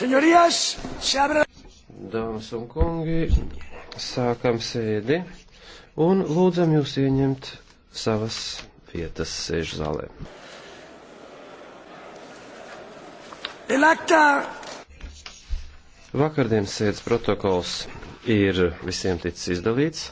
Señorías, se abre... Dāmas un kungi, sākam sēdi un lūdzam jūs ieņemt savas vietas sēžu zālē. Elakta! Vakardienas sēdes protokols ir visiem ticis izdalīts.